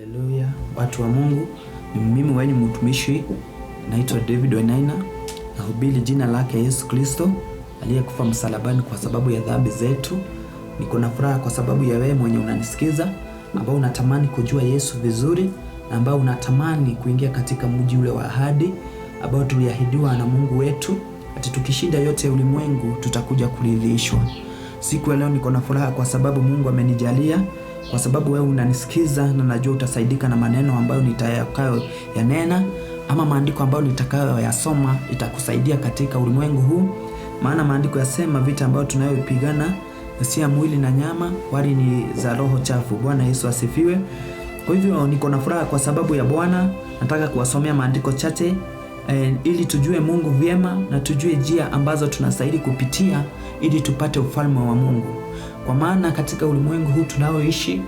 Haleluya, watu wa Mungu, ni mimi wenyu mtumishi, naitwa David Wainaina, nahubiri jina lake Yesu Kristo aliyekufa msalabani kwa sababu ya dhambi zetu. Niko na furaha kwa sababu ya wewe mwenye unanisikiza, ambao unatamani kujua Yesu vizuri, na ambao unatamani kuingia katika mji ule wa ahadi ambao tuliahidiwa na Mungu wetu, ati tukishinda yote ulimwengu tutakuja kuridhishwa. Siku ya leo niko na furaha kwa sababu Mungu amenijalia kwa sababu wewe unanisikiza na najua utasaidika na maneno ambayo nitakayo yanena ama maandiko ambayo nitakayo yasoma itakusaidia katika ulimwengu huu, maana maandiko yasema vita ambayo tunayopigana si ya mwili na nyama, wali ni za roho chafu. Bwana Yesu asifiwe. Kwa hivyo niko na furaha kwa sababu ya Bwana. Nataka kuwasomea maandiko chache eh, ili tujue Mungu vyema na tujue njia ambazo tunastahili kupitia ili tupate ufalme wa Mungu kwa maana katika ulimwengu huu tunaoishi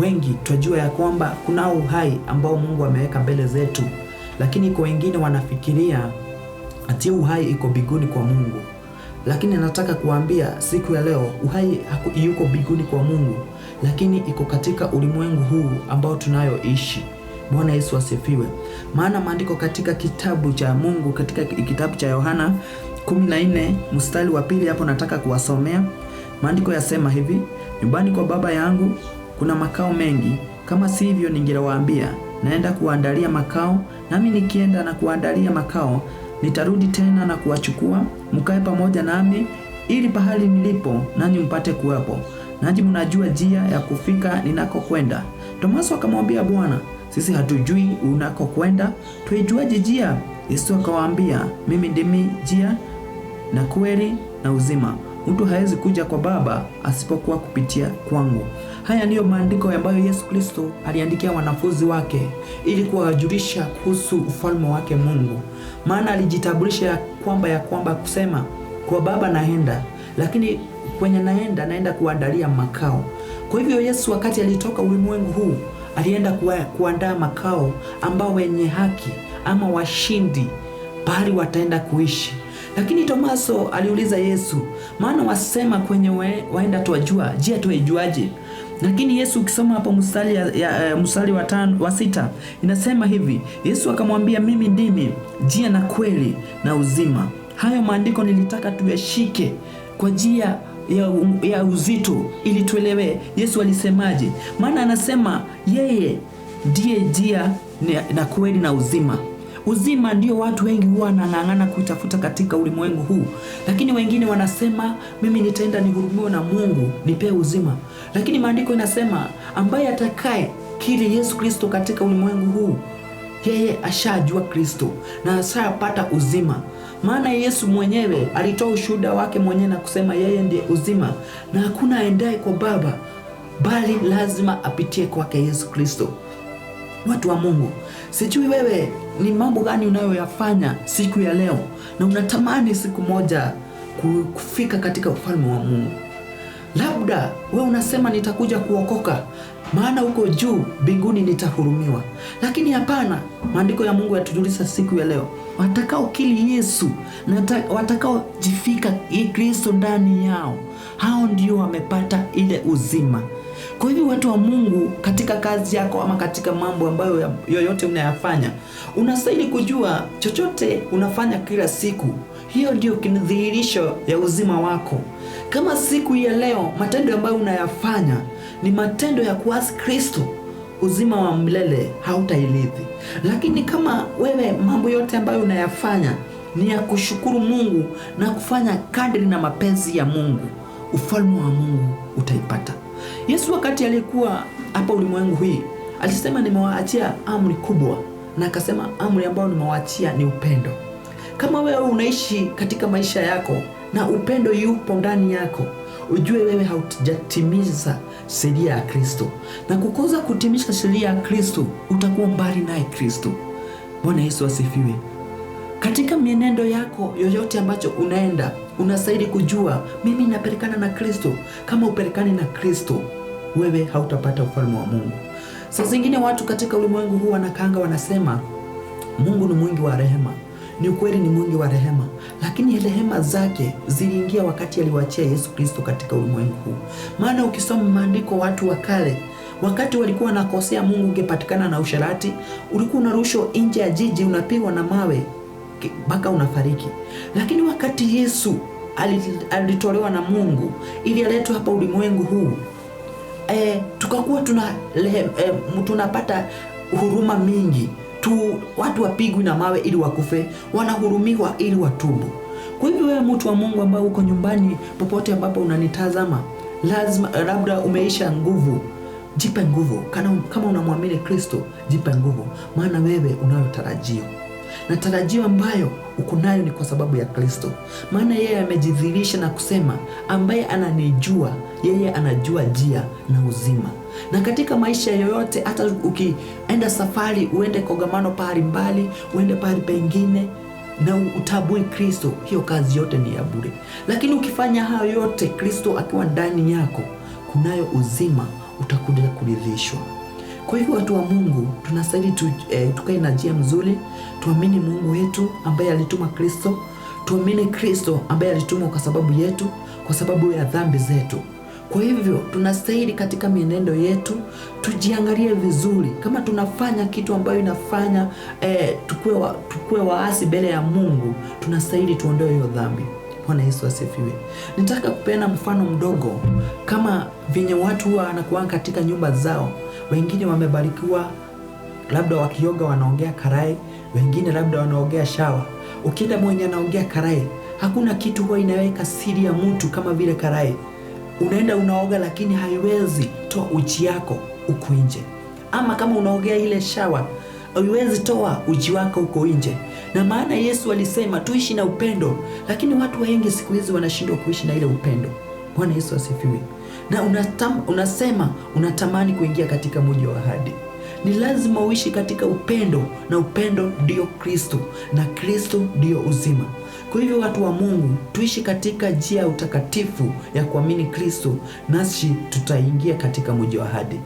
wengi twajua ya kwamba kuna uhai ambao Mungu ameweka mbele zetu, lakini kwa wengine wanafikiria ati uhai iko biguni kwa Mungu, lakini nataka kuambia siku ya leo uhai yuko biguni kwa Mungu, lakini iko katika ulimwengu huu ambao tunayoishi. Bwana Yesu asifiwe. Maana maandiko katika kitabu cha Mungu katika kitabu cha Yohana 14 mstari wa pili hapo nataka kuwasomea Maandiko yasema hivi, nyumbani kwa baba yangu kuna makao mengi, kama sivyo ningewaambia, naenda kuandalia makao, nami nikienda na kuandalia makao, nitarudi tena na kuwachukua, mkae pamoja nami, ili pahali nilipo nanyi mpate kuwepo. Nanyi mnajua njia ya kufika ninakokwenda. Tomaso akamwambia Bwana, sisi hatujui unakokwenda, twaijuaje njia? Yesu akawaambia, mimi ndimi njia na kweli na uzima Mtu hawezi kuja kwa Baba asipokuwa kupitia kwangu. Haya ndiyo maandiko ambayo Yesu Kristo aliandikia wanafunzi wake ili kuwajulisha kuhusu ufalme wake Mungu, maana alijitambulisha kwamba ya kwamba kusema kwa Baba naenda, lakini kwenye naenda naenda kuandalia makao. Kwa hivyo Yesu wakati alitoka ulimwengu huu alienda kuandaa makao ambao wenye haki ama washindi bali wataenda kuishi. Lakini Tomaso aliuliza Yesu, maana wasema kwenye we, waenda tuwajua, jia tuaijuaje Lakini Yesu ukisoma hapo mstari ya, ya, eh, mstari wa tano wa sita inasema hivi, Yesu akamwambia mimi ndimi jia na kweli na uzima. Hayo maandiko nilitaka tuyashike kwa jia ya, ya uzito ili tuelewe Yesu alisemaje, maana anasema yeye ndiye jia na kweli na uzima. Uzima ndio watu wengi huwa wanang'ang'ana kuitafuta katika ulimwengu huu, lakini wengine wanasema mimi nitaenda nihurumiwe na Mungu nipewe uzima, lakini maandiko inasema ambaye atakaye kiri Yesu Kristo katika ulimwengu huu yeye ashajua Kristo na ashapata uzima. Maana Yesu mwenyewe alitoa ushuhuda wake mwenyewe na kusema yeye ndiye uzima, na hakuna aendaye kwa Baba bali lazima apitie kwake Yesu Kristo. Watu wa Mungu, sijui wewe ni mambo gani unayoyafanya siku ya leo na unatamani siku moja kufika katika ufalme wa Mungu. Labda wewe unasema nitakuja kuokoka, maana huko juu mbinguni nitahurumiwa. Lakini hapana, maandiko ya Mungu yatujulisha siku ya leo, watakaokili Yesu na watakaojifika Kristo ndani yao, hao ndio wamepata ile uzima. Kwa hivyo watu wa Mungu, katika kazi yako ama katika mambo ambayo yoyote unayafanya, unastahili kujua chochote unafanya kila siku, hiyo ndiyo kidhihirisho ya uzima wako. Kama siku ya leo matendo ambayo unayafanya ni matendo ya kuasi Kristo, uzima wa milele hautailithi. Lakini kama wewe mambo yote ambayo unayafanya ni ya kushukuru Mungu na kufanya kadri na mapenzi ya Mungu, ufalme wa Mungu utaipata. Yesu wakati alikuwa hapa ulimwengu hii alisema, nimewaachia amri kubwa, na akasema amri ambayo nimewaachia ni upendo. Kama wewe unaishi katika maisha yako na upendo yupo ndani yako, ujue wewe haujatimiza sheria ya Kristo, na kukosa kutimiza sheria ya Kristo utakuwa mbali naye Kristo. Bwana Yesu asifiwe. Katika mienendo yako yoyote ambacho unaenda unastahili kujua mimi naperekana na Kristo. Kama uperekani na Kristo, wewe hautapata ufalme wa Mungu. Saa zingine watu katika ulimwengu huu wanakaanga, wanasema Mungu ni mwingi wa rehema. Ni ukweli, ni mwingi wa rehema, lakini rehema zake ziliingia wakati aliwaachia Yesu Kristo katika ulimwengu huu. Maana ukisoma maandiko, watu wa kale wakati walikuwa wanakosea Mungu, ungepatikana na usharati, ulikuwa unarushwa nje ya jiji, unapigwa na mawe mpaka unafariki. Lakini wakati Yesu alitolewa na Mungu ili aletwe hapa ulimwengu huu e, tukakuwa tuna, e, tunapata huruma mingi tu, watu wapigwi na mawe ili wakufe, wanahurumiwa ili watubu. Kwa hivyo wewe mtu wa Mungu ambaye uko nyumbani, popote ambapo unanitazama, lazima labda umeisha nguvu, jipe nguvu. Kama unamwamini Kristo, jipe nguvu, maana wewe unayotarajio na tarajio ambayo uko nayo ni kwa sababu ya Kristo, maana yeye amejidhihirisha na kusema, ambaye ananijua yeye anajua njia na uzima. Na katika maisha yoyote, hata ukienda safari, uende kogamano pahali mbali, uende pahali pengine na utabui Kristo, hiyo kazi yote ni ya bure. Lakini ukifanya hayo yote, Kristo akiwa ndani yako, kunayo uzima, utakuja kuridhishwa. Kwa hivyo watu wa Mungu tunastahili tu, eh, tukae na njia mzuri, tuamini Mungu wetu ambaye alituma Kristo, tuamini Kristo ambaye alitumwa kwa sababu yetu, kwa sababu ya dhambi zetu. Kwa hivyo tunastahili katika mienendo yetu tujiangalie vizuri, kama tunafanya kitu ambayo inafanya eh, tukue, wa, tukue waasi mbele ya Mungu, tunastahili tuondoe hiyo dhambi. Bwana Yesu asifiwe. Nitaka kupeana mfano mdogo, kama vyenye watu huwa katika nyumba zao wengine wamebarikiwa labda wakioga wanaongea karai, wengine labda wanaongea shawa. Ukienda mwenye anaongea karai, hakuna kitu huwa inaweka siri ya mtu kama vile karai. Unaenda unaoga, lakini haiwezi toa uchi yako uko nje, ama kama unaogea ile shawa haiwezi toa uchi wako uko nje. Na maana Yesu alisema tuishi na upendo, lakini watu wengi siku hizi wanashindwa kuishi na ile upendo. Bwana Yesu asifiwe na unatam, unasema unatamani kuingia katika mji wa ahadi. Ni lazima uishi katika upendo, na upendo ndio Kristo, na Kristo ndio uzima. Kwa hivyo watu wa Mungu, tuishi katika njia ya utakatifu ya kuamini Kristo, nasi tutaingia katika mji wa ahadi.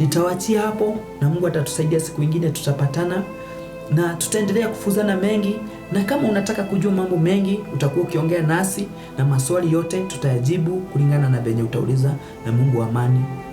Nitawachia hapo, na Mungu atatusaidia siku ingine tutapatana na tutaendelea kufuzana mengi na kama unataka kujua mambo mengi, utakuwa ukiongea nasi na maswali yote tutayajibu kulingana na venye utauliza, na Mungu wa amani